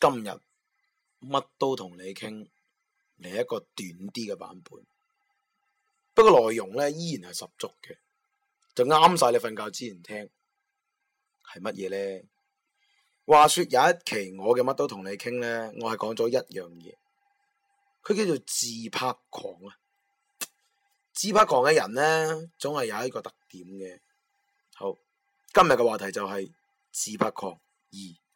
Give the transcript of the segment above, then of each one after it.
今日乜都同你傾，嚟一個短啲嘅版本，不過內容呢依然係十足嘅，就啱晒你瞓覺之前聽，係乜嘢呢？話說有一期我嘅乜都同你傾呢，我係講咗一樣嘢，佢叫做自拍狂啊！自拍狂嘅人呢，總係有一個特點嘅。好，今日嘅話題就係自拍狂二。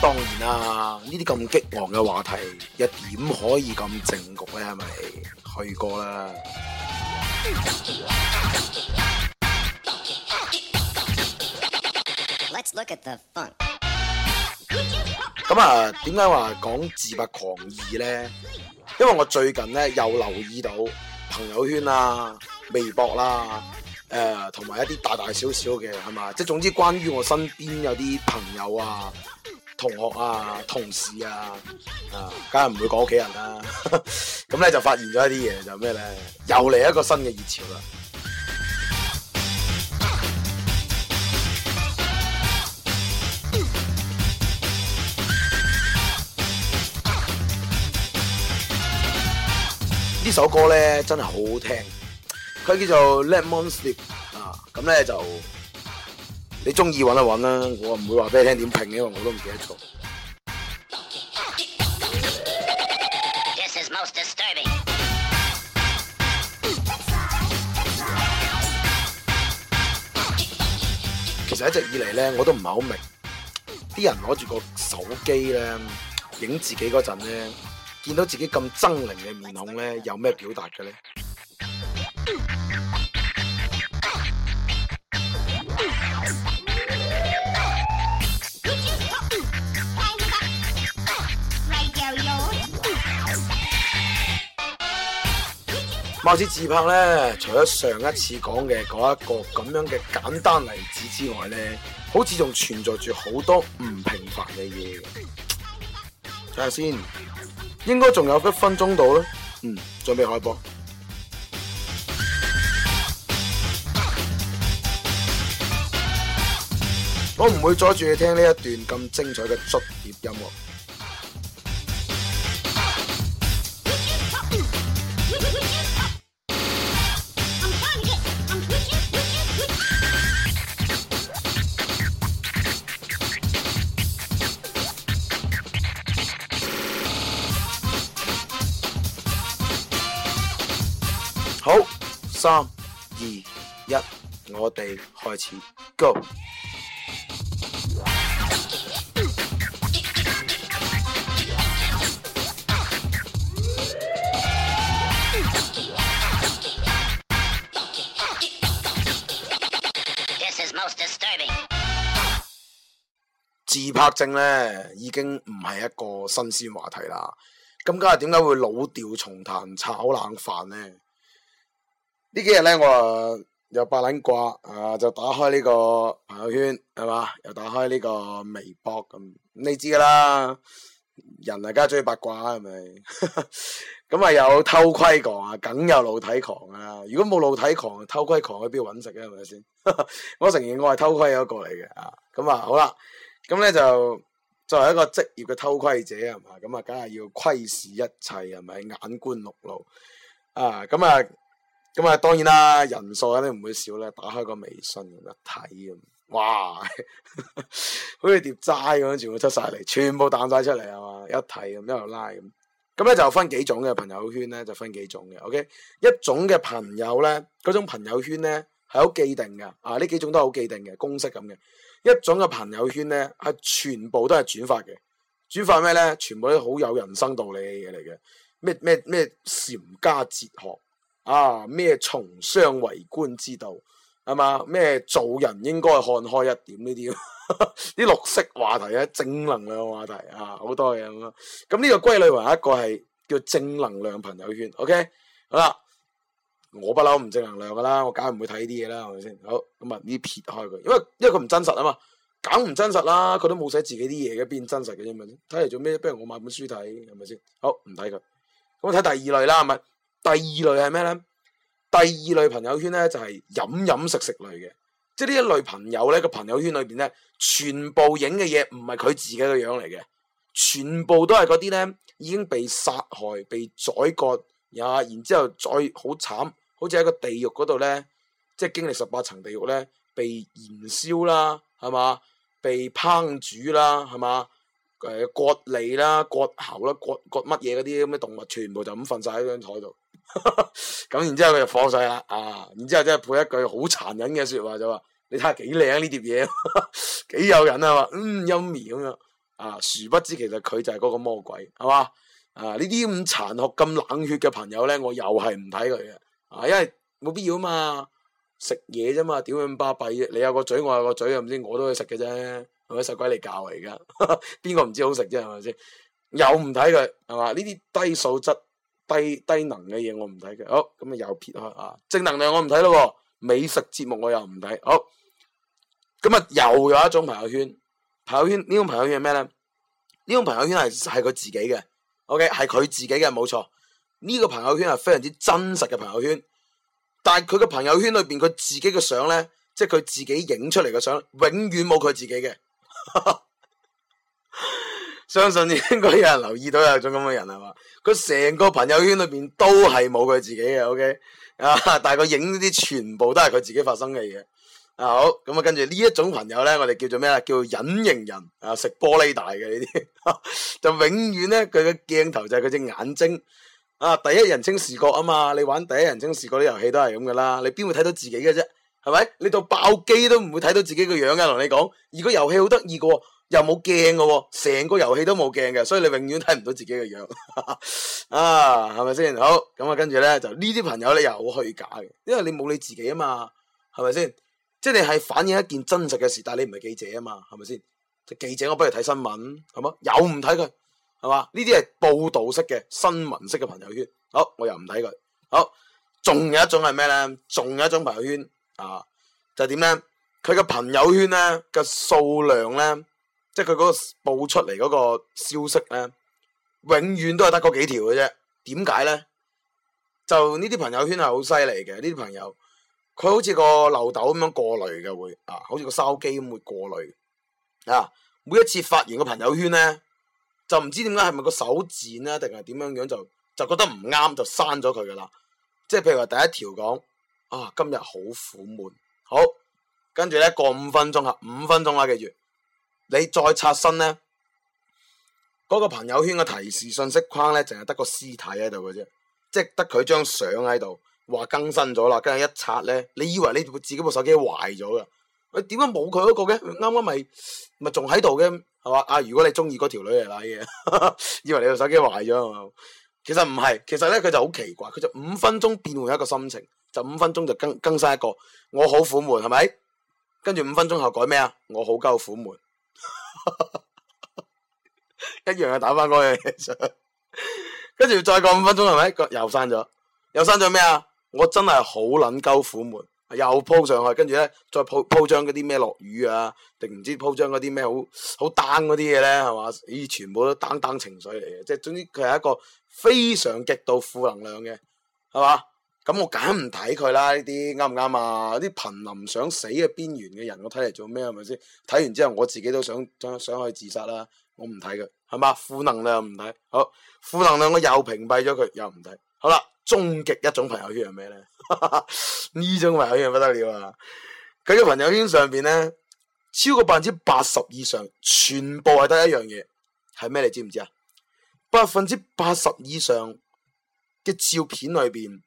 當然啦，呢啲咁激昂嘅話題，又點可以咁正局咧？係咪去過啦？咁啊，點解話講自白狂二咧？因為我最近咧又留意到朋友圈啊。微博啦，誒、呃，同埋一啲大大小小嘅係嘛，即係總之關於我身邊有啲朋友啊、同學啊、同事啊，呃、啊，梗係唔會講屋企人啦。咁咧就發現咗一啲嘢，就咩咧？又嚟一個新嘅熱潮啦！呢 首歌咧真係好好聽。佢叫做 Let Monster 啊，咁咧就你中意揾一揾啦，我唔會話俾你聽點拼嘅，因為我都唔記得咗。其實一直以嚟咧，我都唔係好明，啲人攞住個手機咧，影自己嗰陣咧，見到自己咁猙獰嘅面孔咧，有咩表達嘅咧？貌似自拍呢，除咗上一次講嘅嗰一個咁樣嘅簡單例子之外呢，好似仲存在住好多唔平凡嘅嘢嘅。睇下先，應該仲有一分鐘到啦。嗯，準備開播。我唔會阻住你聽呢一段咁精彩嘅捽碟音樂。好，三、二、一，我哋開始，Go！自拍症咧已經唔係一個新鮮話題啦。咁今日點解會老調重彈炒冷飯咧？幾呢幾日咧我又，又八撚卦啊，就打開呢個朋友圈係嘛，又打開呢個微博咁，你知噶啦。人啊梗係中意八卦係咪？咁啊 有偷窺狂啊，梗有露體狂啦。如果冇露體狂，偷窺狂去邊度揾食啊係咪先？ 我承認我係偷窺一個嚟嘅啊。咁啊好啦。.咁咧就作為一個職業嘅偷窺者係嘛，咁啊，梗係要窺視一切，係咪？眼觀六路啊，咁啊，咁啊，當然啦，人數肯定唔會少咧，打開個微信咁一睇咁，哇， 好似碟齋咁，全部出晒嚟，全部彈晒出嚟啊嘛，一睇咁一路拉咁。咁咧就分幾種嘅朋友圈咧，就分幾種嘅。OK，一種嘅朋友咧，嗰種朋友圈咧係好既定嘅。啊，呢幾種都係好既定嘅公式咁嘅。一種嘅朋友圈呢，係全部都係轉發嘅，轉發咩呢？全部都好有人生道理嘅嘢嚟嘅，咩咩咩，儒家哲學啊，咩從商為官之道，係嘛？咩做人應該看開一點呢啲，啲 綠色話題啊，正能量話題啊，好多嘢咁咯。咁呢個歸類為一個係叫正能量朋友圈，OK，好啦。我不嬲唔正能量噶啦，我梗係唔會睇呢啲嘢啦，係咪先？好，咁啊，呢撇開佢，因為因為佢唔真實啊嘛，梗唔真實啦，佢都冇寫自己啲嘢嘅，邊真實嘅啫，咪先。睇嚟做咩？不如我買本書睇，係咪先？好，唔睇佢。咁啊，睇第二類啦，係咪？第二類係咩咧？第二類朋友圈咧就係飲飲食食類嘅，即係呢一類朋友咧，個朋友圈裏邊咧，全部影嘅嘢唔係佢自己個樣嚟嘅，全部都係嗰啲咧已經被殺害、被宰割啊，然之後再好慘。好似喺個地獄嗰度咧，即係經歷十八層地獄咧，被燃燒啦，係嘛，被烹煮啦，係嘛，誒、呃、割脷啦，割喉啦，割割乜嘢嗰啲咁嘅動物，全部就咁瞓晒喺張台度。咁 然之後佢就放晒啦，啊！然之後即係配一句好殘忍嘅說話就話，你睇下幾靚呢碟嘢，幾 誘人啊嘛，嗯陰面咁樣啊，殊不知其實佢就係嗰個魔鬼，係嘛啊？呢啲咁殘酷、咁冷血嘅朋友咧，我又係唔睇佢嘅。啊，因為冇必要啊嘛，食嘢啫嘛，點樣巴閉啫？你有個嘴，我有個嘴，係唔知我都會食嘅啫，係咪食鬼你教嚟噶？邊個唔知好食啫？係咪先？又唔睇佢，係嘛？呢啲低素質、低低能嘅嘢我唔睇佢。好，咁啊又撇開啊，正能量我唔睇咯，美食節目我又唔睇。好，咁啊又有一種朋友圈，朋友圈呢種朋友圈係咩咧？呢種朋友圈係係佢自己嘅，OK，係佢自己嘅，冇錯。呢個朋友圈係非常之真實嘅朋友圈，但係佢嘅朋友圈裏邊佢自己嘅相呢，即係佢自己影出嚟嘅相，永遠冇佢自己嘅。 相信應該有人留意到有種咁嘅人係嘛，佢成個朋友圈裏邊都係冇佢自己嘅，OK 啊？ 但係佢影呢啲全部都係佢自己發生嘅嘢啊！好，咁啊，跟住呢一種朋友呢，我哋叫做咩啊？叫做隱形人啊，食玻璃大嘅呢啲， 就永遠呢，佢嘅鏡頭就係佢隻眼睛。啊！第一人稱視覺啊嘛，你玩第一人稱視覺啲遊戲都係咁噶啦，你邊會睇到自己嘅啫？係咪？你到爆機都唔會睇到自己個樣噶。同你講，而個遊戲好得意個，又冇鏡、哦、個，成個遊戲都冇鏡嘅，所以你永遠睇唔到自己嘅樣。 啊，係咪先？好咁啊，跟住咧就呢啲朋友咧又好虛假嘅，因為你冇你自己啊嘛，係咪先？即係你係反映一件真實嘅事，但係你唔係記者啊嘛，係咪先？記者我不如睇新聞，係嘛？又唔睇佢。係嘛？呢啲係報道式嘅、新聞式嘅朋友圈。好，我又唔睇佢。好，仲有一種係咩咧？仲有一種朋友圈啊，就係點咧？佢個朋友圈咧嘅數量咧，即係佢嗰個報出嚟嗰個消息咧，永遠都係得嗰幾條嘅啫。點解咧？就呢啲朋友圈係好犀利嘅。呢啲朋友，佢好似個漏斗咁樣過濾嘅會啊，好似個筲箕咁會過濾啊。每一次發完個朋友圈咧，就唔知點解係咪個手賤啦，定係點樣樣，就就覺得唔啱就刪咗佢噶啦。即係譬如話第一條講啊，今日好苦悶。好，跟住咧過五分鐘啊，五分鐘啦記住。你再刷新咧，嗰個朋友圈嘅提示信息框咧，淨係得個屍體喺度嘅啫，即係得佢張相喺度，話更新咗啦。跟住一刷咧，你以為你部自己部手機壞咗㗎？我點解冇佢嗰個嘅？啱啱咪咪仲喺度嘅。係嘛啊？如果你中意嗰條女嚟睇嘅，以為你部手機壞咗啊！其實唔係，其實咧佢就好奇怪，佢就五分鐘變換一個心情，就五分鐘就更更新一個。我好苦悶，係咪？跟住五分鐘後改咩啊？我好夠苦悶， 一樣啊！打翻過去。跟 住再過五分鐘係咪？又刪咗，又刪咗咩啊？我真係好捻鳩苦悶。又鋪上去，跟住咧再鋪鋪張嗰啲咩落雨啊，定唔知鋪張嗰啲咩好好 down 嗰啲嘢咧，係嘛？咦，全部都 down down 情緒嚟嘅，即係總之佢係一個非常極度負能量嘅，係嘛？咁我揀唔睇佢啦，呢啲啱唔啱啊？啲瀕臨想死嘅邊緣嘅人，我睇嚟做咩啊？係咪先？睇完之後我自己都想想想去自殺啦，我唔睇佢，係嘛？負能量唔睇，好負能量，我又屏蔽咗佢，又唔睇，好啦。終極一種朋友圈係咩咧？呢 種朋友圈不得了啊！佢嘅朋友圈上邊咧，超過百分之八十以上，全部係得一樣嘢，係咩？你知唔知啊？百分之八十以上嘅照片裏邊，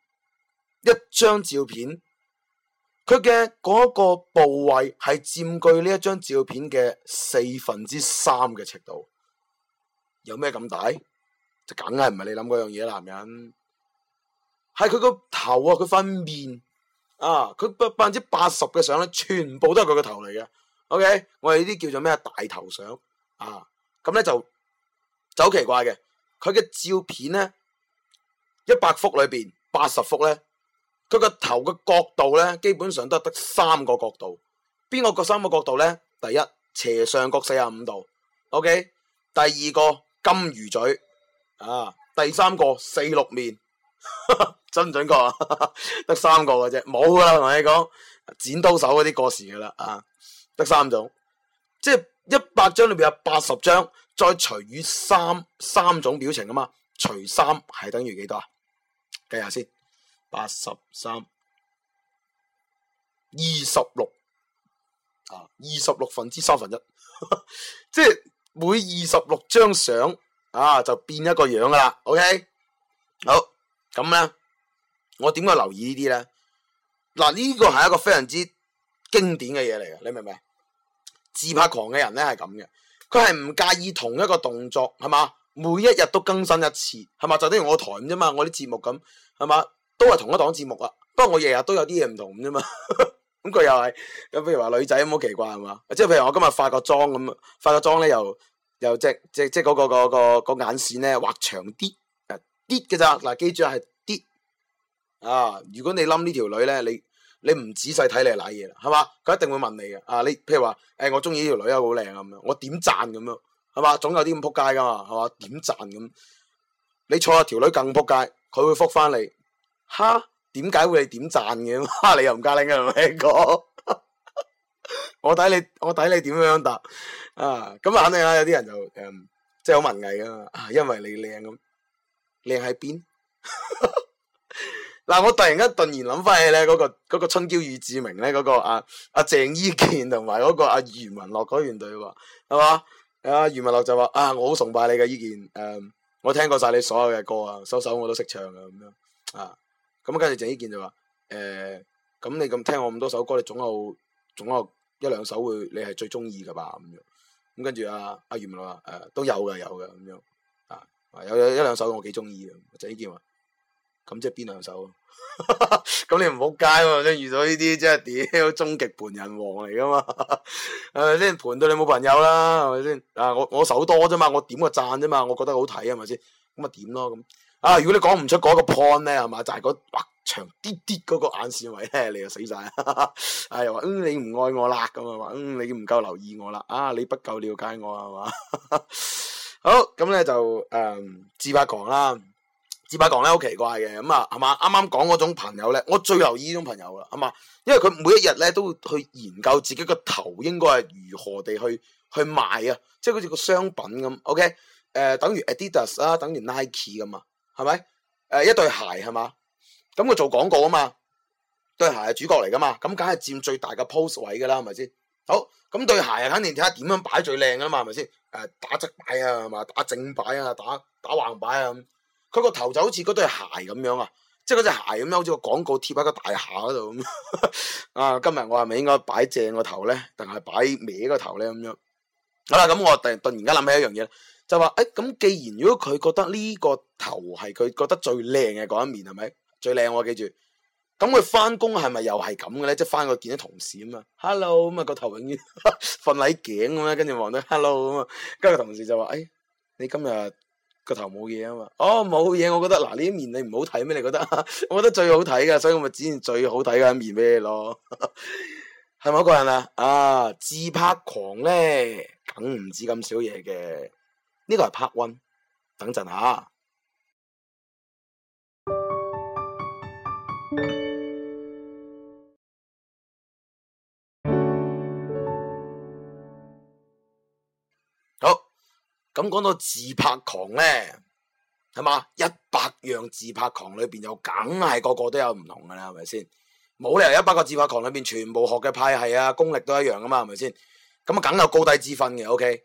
一張照片，佢嘅嗰個部位係佔據呢一張照片嘅四分之三嘅尺度。有咩咁大？就梗係唔係你諗嗰樣嘢啦，男人。係佢個頭啊，佢塊面啊，佢百分之八十嘅相咧，全部都係佢個頭嚟嘅。OK，我哋呢啲叫做咩啊？大頭相啊，咁咧就就好奇怪嘅。佢嘅照片咧，一百幅裏邊八十幅咧，佢個頭嘅角度咧，基本上都係得三個角度。邊個角三個角度咧？第一斜上角四十五度，OK。第二個金魚嘴啊，第三個四六面。 真唔準確啊？得 三個嘅啫，冇啦。同你講剪刀手嗰啲過時噶啦啊，得三種，即係一百張裏邊有八十張，再除以三，三種表情啊嘛，除三係等於幾多啊？計下先，八十三二十六啊，二十六分之三分一， 即係每二十六張相啊，就變一個樣噶啦。OK，好。咁咧，我點解留意呢啲咧？嗱，呢個係一個非常之經典嘅嘢嚟嘅，你明唔明？自拍狂嘅人咧係咁嘅，佢係唔介意同一個動作係嘛，每一日都更新一次係嘛，就等於我台咁啫嘛，我啲節目咁係嘛，都係同一檔節目啊，不過我日日都有啲嘢唔同咁啫嘛。咁 佢又係咁，譬如話女仔咁好奇怪係嘛，即係譬如我今日化個妝咁啊，化個妝咧又又即即即嗰、嗰個、嗰個、嗰個、嗰個眼線咧畫長啲。啲嘅咋嗱，記住係啲啊！如果你冧呢條女咧，你你唔仔細睇你瀨嘢啦，係嘛？佢一定會問你嘅啊！你譬如話誒、欸，我中意呢條女啊，好靚啊，咁樣我點讚咁樣係嘛？總有啲咁扑街噶嘛，係嘛？點讚咁，你坐落條女更扑街，佢會覆翻你。哈？點解會你點讚嘅？哈？ 你又唔加靚嘅係咪？哥， 我睇你，我睇你點樣答啊？咁啊，肯定啦，有啲人就誒、嗯，即係好文藝噶嘛，因為你靚咁。靚喺邊？嗱， 我突然間突然諗翻起咧、那個，嗰、那個個春嬌與志明咧、啊，嗰個阿阿鄭伊健同埋嗰個阿、啊啊、余文樂嗰隊話，係嘛？阿余文樂就話：，啊，我好崇拜你嘅伊健，誒、嗯，我聽過晒你所有嘅歌啊，首首我都識唱嘅咁樣。啊，咁跟住鄭伊健就話：，誒、呃，咁你咁聽我咁多首歌，你總有總有一兩首會你係最中意噶吧？咁樣，咁跟住阿阿余文樂話：，誒、啊，都有嘅，有嘅咁樣。有有一兩首我幾中意啊！鄭伊健話：咁即係邊兩首？啊？咁你唔好街喎！你遇到呢啲即係屌終極盤人王嚟噶嘛？係咪先盤到你冇朋友啦？係咪先？啊！我我手多啫嘛，我點個讚啫嘛，我覺得好睇啊，係咪先？咁咪點咯咁啊！如果你講唔出嗰個 point 咧，係嘛就係嗰畫長啲啲嗰個眼線位咧，你就死晒啊！又 話、哎嗯、你唔愛我啦咁啊！嗯你唔夠留意我啦啊！你不夠了解我係嘛？是好咁咧就誒自拍狂啦，自拍狂咧好奇怪嘅咁啊，係、嗯、嘛？啱啱講嗰種朋友咧，我最留意呢種朋友啦，啊嘛，因為佢每一日咧都會去研究自己個頭應該係如何地去去賣啊，即係好似個商品咁，OK？誒、呃，等於 Adidas 啊，等於 Nike 咁嘛，係咪？誒、呃，一對鞋係嘛？咁佢做廣告啊嘛，對鞋係主角嚟噶嘛，咁梗係佔最大嘅 pose 位噶啦，係咪先？好，咁對鞋啊，肯定睇下點樣擺最靚噶啦嘛，係咪先？誒，打側擺啊，係嘛，打正擺啊，打打橫擺啊咁。佢個頭就好似嗰對鞋咁樣啊，即係嗰隻鞋咁樣，好似個廣告貼喺個大廈嗰度咁。 啊，今日我係咪應該擺正個頭咧，定係擺歪個頭咧咁樣？好啦，咁我突突然間諗起一樣嘢，就話誒，咁、欸、既然如果佢覺得呢個頭係佢覺得最靚嘅嗰一面，係咪最靚？我記住。咁佢翻工，係咪又係咁嘅咧？即係翻去見啲同事啊嘛，hello，咁啊個頭永遠瞓禮頸咁咧，跟住望到 hello 咁啊，跟住同事就話：誒、哎，你今日個頭冇嘢啊嘛？哦，冇嘢，我覺得嗱呢啲面你唔好睇咩？你覺得？我覺得最好睇㗎，所以我咪展現最好睇嘅一面俾你咯？係咪一個人啊？啊，自拍狂咧，梗唔止咁少嘢嘅。呢個係 part one，等陣下。咁講到自拍狂咧，係嘛？一百樣自拍狂裏邊有，梗係個個都有唔同噶啦，係咪先？冇理由一百個自拍狂裏邊全部學嘅派系啊，功力都一樣噶嘛，係咪先？咁啊，梗有高低之分嘅。OK，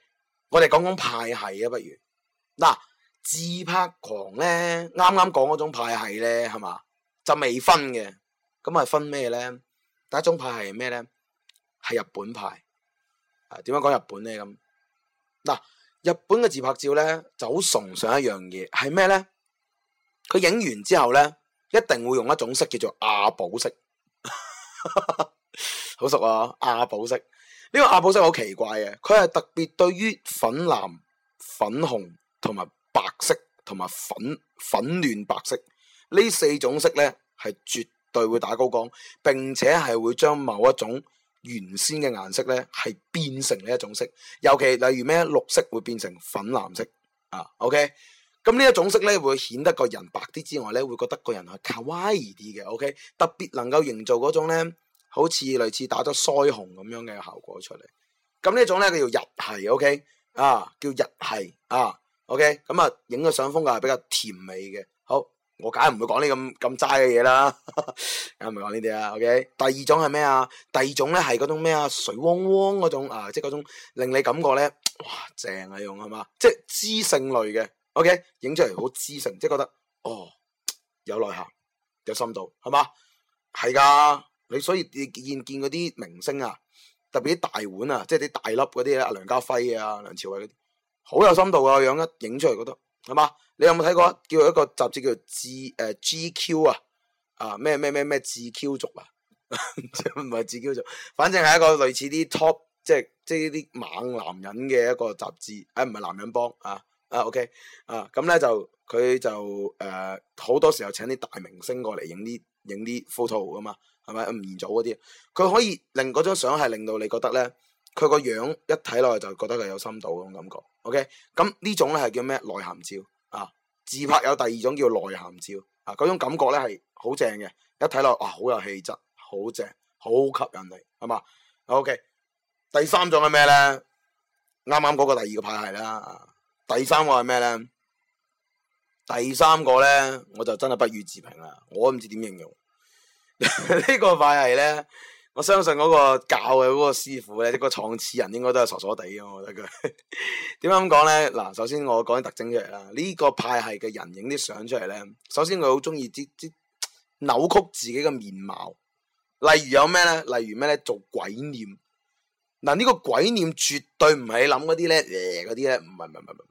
我哋講講派系啊，不如嗱、啊，自拍狂咧，啱啱講嗰種派系咧，係嘛？就未分嘅，咁啊分咩咧？第一種派系係咩咧？係日本派啊？點樣講日本咧？咁、啊、嗱。日本嘅自拍照呢，就好崇尚一樣嘢，係咩呢？佢影完之後呢，一定會用一種色叫做亞寶色， 好熟啊！亞寶色呢、呢個亞寶色好奇怪嘅，佢係特別對於粉藍、粉紅同埋白色同埋粉粉嫩白色呢四種色呢，係絕對會打高光，並且係會將某一種。原先嘅顏色咧，係變成呢一種色，尤其例如咩綠色會變成粉藍色啊。OK，咁呢一種色咧會顯得個人白啲之外咧，會覺得個人係卡哇伊啲嘅。OK，特別能夠營造嗰種咧，好似類似打咗腮紅咁樣嘅效果出嚟。咁呢種咧，佢叫日系。OK，啊叫日系啊。OK，咁啊影個相風格係比較甜美嘅。好。我梗係唔會講呢咁咁齋嘅嘢啦，梗唔係講呢啲啦，OK。第二種係咩啊？第二種咧係嗰種咩啊？水汪汪嗰種啊，即係嗰種令你感覺咧，哇正啊用，係嘛？即係知性類嘅，OK。影出嚟，好知性，即係覺得哦有內涵、有深度，係嘛？係噶，你所以你現見嗰啲明星啊，特別啲大碗啊，即係啲大粒嗰啲啊，梁家輝啊，梁朝偉嗰啲，好有深度啊樣，一影出嚟覺得。係嘛？你有冇睇過？叫一個雜誌叫 G、uh, GQ 啊，啊咩咩咩咩 GQ 族啊，唔 係 GQ 族，反正係一個類似啲 Top，即係即係呢啲猛男人嘅一個雜誌。誒、哎，唔係男人幫啊啊 OK 啊，咁咧就佢就誒好、呃、多時候請啲大明星過嚟影啲影啲 photo 啊嘛，係咪吳彥祖嗰啲？佢可以令嗰張相係令到你覺得咧。佢個樣一睇落去就覺得佢有深度嗰種感覺，OK？咁呢種咧係叫咩？內涵照啊！自拍有第二種叫內涵照啊，嗰種感覺咧係好正嘅，一睇落啊好有氣質，好正，好吸引你，係嘛？OK？第三種係咩咧？啱啱嗰個第二個派系啦、啊，第三個係咩咧？第三個咧我就真係不予置評啦，我都唔知點形容呢個派系咧。我相信嗰個教嘅嗰個師傅咧，即個創始人應該都係傻傻地嘅。我覺得佢點解咁講咧？嗱， 首先我講啲特徵出嚟啦。呢個派系嘅人影啲相出嚟咧，首先佢好中意啲啲扭曲自己嘅面貌。例如有咩咧？例如咩咧？做鬼臉嗱，呢個鬼臉絕對唔係你諗嗰啲咧，嗰啲咧唔係唔係唔係唔係。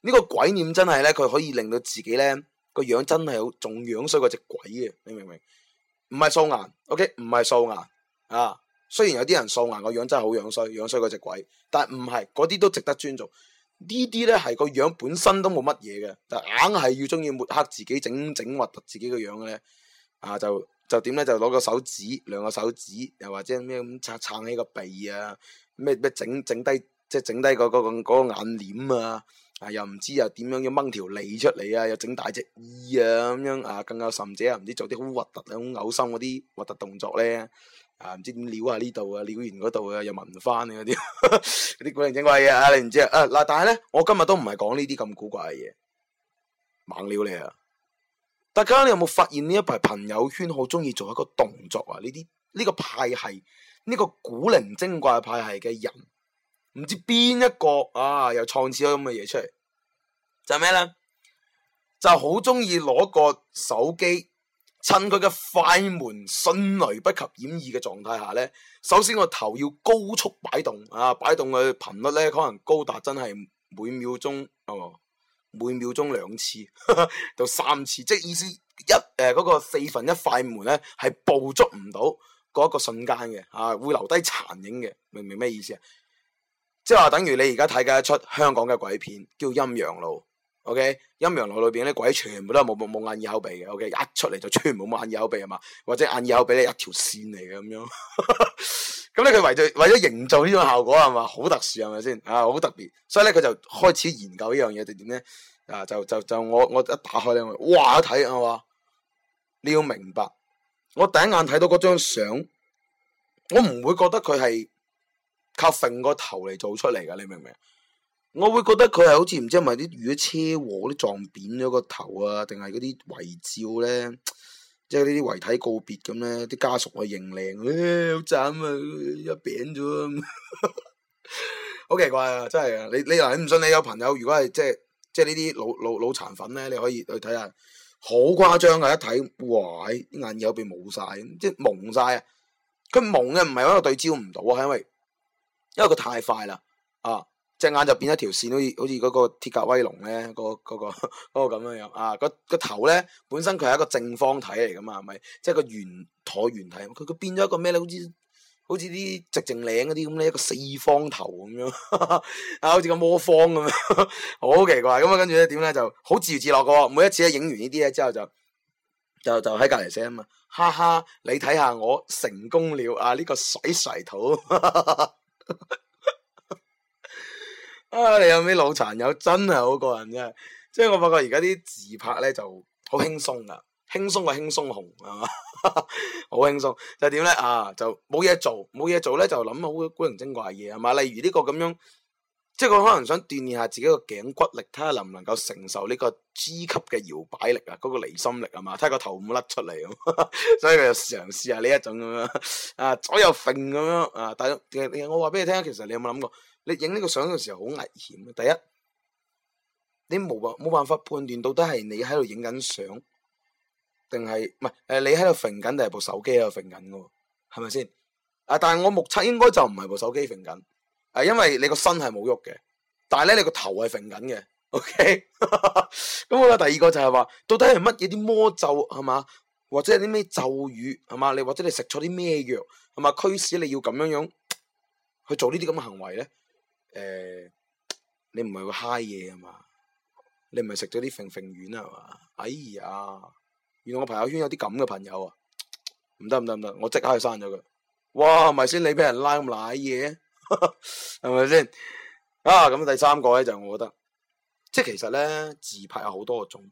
呢個鬼臉真係咧，佢可以令到自己咧個樣真係好仲樣衰過隻鬼啊。你明唔明？唔係素顏，OK，唔係素顏。啊，雖然有啲人素顏個樣真係好樣衰，樣衰嗰隻鬼，但係唔係嗰啲都值得尊重。呢啲咧係個樣本身都冇乜嘢嘅，但硬係要中意抹黑自己，整整核突自己個樣嘅咧。啊，就就點咧？就攞個手指，兩個手指，又或者咩咁撐撐起個鼻啊？咩咩整整低，即係整低個嗰個嗰個眼瞼啊？啊，又唔知又點樣要掹條脷出嚟啊？又整大隻耳啊？咁樣啊？更有甚者啊，唔知做啲好核突、好嘔心嗰啲核突動作咧。啊！唔知點撩啊，呢度啊，撩完嗰度啊，又聞翻啊！嗰啲啲古靈精怪嘢啊，你唔知啊？啊嗱，但係咧，我今日都唔係講呢啲咁古怪嘅嘢，猛撩你啊！大家你有冇發現呢一排朋友圈好中意做一個動作啊？呢啲呢個派系呢個古靈精怪派系嘅人，唔知邊一個啊，又創始咗咁嘅嘢出嚟，就係咩咧？就好中意攞個手機，趁佢嘅快門迅雷不及掩耳嘅狀態下呢，首先個頭要高速擺動啊，擺動嘅頻率呢，可能高達真係每秒鐘哦，每秒鐘兩次 到三次，即係意思一誒嗰、呃嗰個四分一快門呢，係捕捉唔到嗰一個瞬間嘅啊，會留低殘影嘅，明唔明咩意思啊？即係話等於你而家睇緊一出香港嘅鬼片叫《陰陽路》。O K，陰陽路裏邊啲鬼全部都係冇冇眼、耳、口、鼻嘅。O K，一出嚟就全部冇眼、耳、口、鼻吖嘛，或者眼、耳、口、 鼻咧一條線嚟嘅咁樣。咁咧佢為咗為咗營造呢種效果係嘛，好特殊係咪先啊？好特別，所以咧佢就開始研究樣呢樣嘢定點咧。啊，就就就我我一打開咧，哇一睇係嘛，你要明白，我第一眼睇到嗰張相，我唔會覺得佢係靠成個頭嚟做出嚟噶，你明唔明？我會覺得佢係好似唔知係咪啲如果車禍，啲撞扁咗個頭啊，定係嗰啲遺照咧，即係呢啲遺體告別咁咧，啲家屬啊認領、哎，好慘啊，一扁咗，好奇怪啊，真係啊！你你嗱，你唔信？你有朋友如果係即係即係呢啲腦腦腦殘粉咧，你可以去睇下，好誇張噶！一睇哇，啲眼有變冇晒，即係蒙晒啊！佢蒙嘅唔係因為對焦唔到啊，係因為因為佢太快啦啊！隻眼就變咗條線，好似好似嗰個鐵甲威龍咧，嗰、嗰、嗰個嗰咁、嗰個嗰個、樣樣啊！個、嗰個頭咧本身佢係一個正方體嚟噶嘛，係咪？即係個圓橢圓體，佢佢變咗一個咩咧？好似好似啲直直領嗰啲咁咧，一個四方頭咁樣啊，好似個魔方咁樣哈哈，好奇怪咁啊！跟住咧點咧，就好自娛自樂噶喎！每一次咧影完呢啲咧之後就就就喺隔籬寫啊嘛，哈哈！你睇下我成功了啊！呢、呢個水洗土。哈哈。啊！你有咩腦殘友？真係好過癮啫。即係我發覺而家啲自拍咧就好輕鬆噶輕鬆過輕鬆熊係嘛，好輕鬆。就點咧 啊？就冇嘢做，冇嘢做咧就諗好古靈精怪嘅嘢係嘛。例如呢個咁樣，即係佢可能想鍛煉下自己個頸骨力，睇下能唔能夠承受呢個 G 級嘅搖擺力啊，嗰、嗰個離心力係嘛，睇下個頭唔甩出嚟。所以佢就嘗試下呢一種咁樣啊，左右揈咁樣啊。但係、呃、我我話俾你聽，其實你有冇諗過？你影呢個相嘅時候好危險嘅。第一，你冇辦冇辦法判斷到底係你喺度影緊相，定係唔係？誒，你喺度揈緊，定係部手機喺度揈緊嘅？係咪先？啊，但係我目測應該就唔係部手機揈緊，係因為你個身係冇喐嘅，但係咧你個頭係揈緊嘅。OK，咁好啦。第二個就係、是、話，到底係乜嘢啲魔咒係嘛，或者係啲咩咒語係嘛？你或者你食咗啲咩藥，係嘛驅使你要咁樣樣去做呢啲咁嘅行為咧？誒，你唔係會嗨嘢啊嘛？你唔係食咗啲肥肥丸啊嘛？哎呀，原來我朋友圈有啲咁嘅朋友啊！唔得唔得唔得，我即刻去刪咗佢。哇，係咪先你俾人拉咁瀨嘢，係咪先？啊，咁第三個咧就我覺得，即係其實咧自拍有好多個種，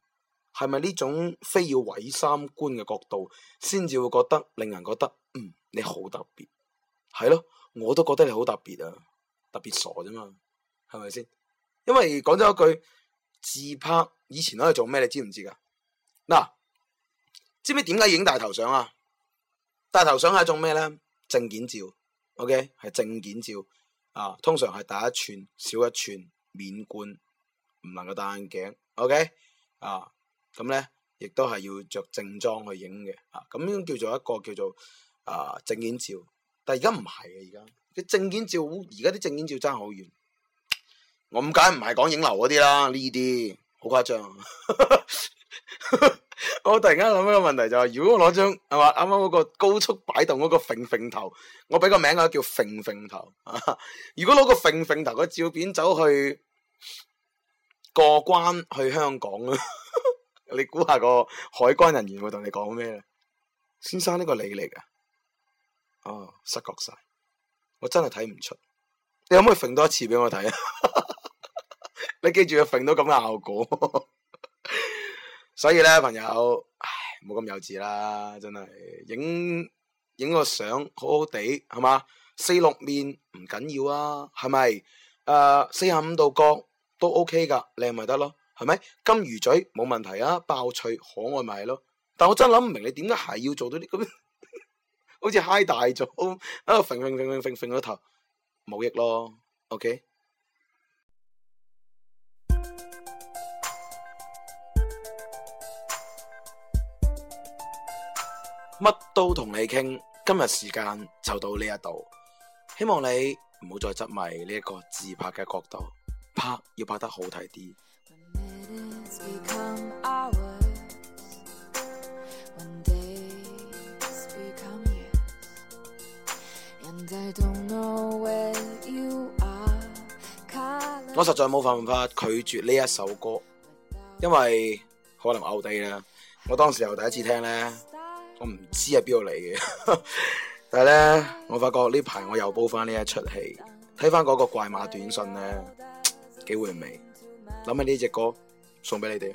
係咪呢種非要毀三觀嘅角度，先至會覺得令人覺得，嗯，你好特別，係咯，我都覺得你好特別啊！特別傻啫嘛，係咪先？因為講咗一句，自拍以前攞嚟做咩？你知唔知噶？嗱，知唔知點解影大頭相啊？大頭相係一種咩咧？證件照，OK，係證件照啊。通常係大一寸、小一寸，免冠，唔能夠戴眼鏡，OK 啊。咁咧亦都係要着正裝去影嘅啊。咁樣叫做一個叫做啊證件照，但係而家唔係啊，而家。嘅證件照，而家啲證件照爭好遠，我唔解唔係講影樓嗰啲啦，呢啲好誇張。誇張啊、 我突然間諗一個問題就係、是，如果我攞張係咪，啱啱嗰個高速擺動嗰個揈揈頭，我俾個名啊叫揈揈頭。 如果攞個揈揈頭個照片走去過關去香港咧， 你估下個海關人員會同你講咩？先生呢個你嚟噶？哦，失覺晒。我真係睇唔出，你可唔可以揈多一次俾我睇啊？ 你記住要揈到咁嘅效果， 所以咧，朋友，唉，冇咁幼稚啦，真係影影個相好好地係嘛，四六面唔緊要啊，係咪？誒、呃，四十五度角都 OK 噶，靚咪得咯，係咪？金魚嘴冇問題啊，爆脆可愛咪係咯，但我真諗唔明你點解係要做到啲咁。好似嗨大咗，喺度揈揈揈揈揈揈個頭，冇益咯。OK，乜都同你傾，今日時間就到呢一度，希望你唔好再執迷呢一個自拍嘅角度，拍要拍得好睇啲。我 實在冇辦法拒絕呢一首歌，因為可能嘔低啦。我當時又第一次聽呢，我唔知係邊度嚟嘅，但係呢，我發覺呢排我又煲翻呢一齣戲，睇翻嗰個怪馬短信呢，幾回味，諗起呢隻歌送俾你哋。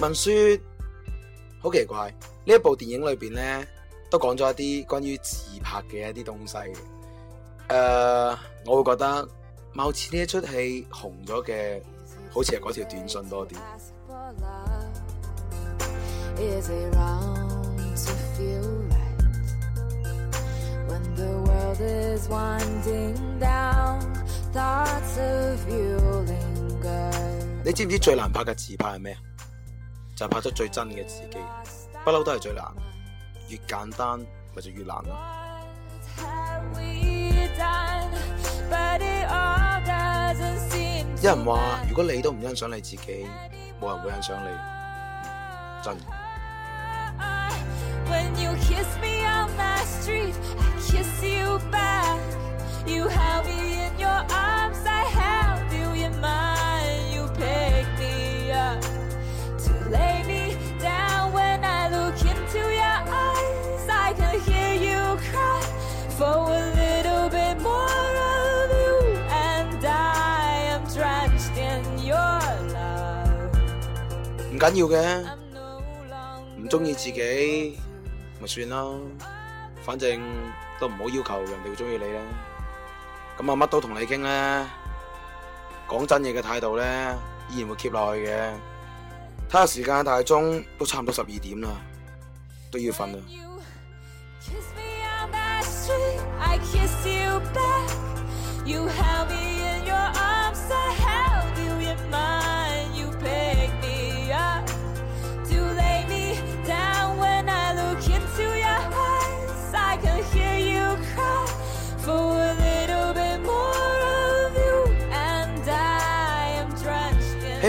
文書好奇怪，呢一部電影裏邊咧都講咗一啲關於自拍嘅一啲東西誒、呃、我會覺得，貌似呢一出戲紅咗嘅，好似係嗰條短信多啲。 你知唔知最難拍嘅自拍係咩？就拍出最真嘅自己，不嬲都係最難，越簡單咪就，就越難咯。有 人話：如果你都唔欣賞你自己，冇人會欣賞你。真。 緊要嘅，唔中意自己咪算咯，反正都唔好要，要求人哋會中意你啦。咁啊，乜都同你傾啦，講真嘢嘅態度咧，依然會 keep 落去嘅。睇下時間，大鐘都差唔多十二點啦，都要瞓啦。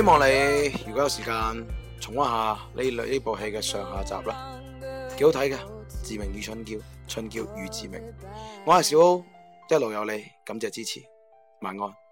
希望你如果有時間重溫下呢部戲嘅上下集啦，幾好睇㗎，《志明與春嬌》，春嬌與志明。我係小歐，一路有你，感謝支持，晚安。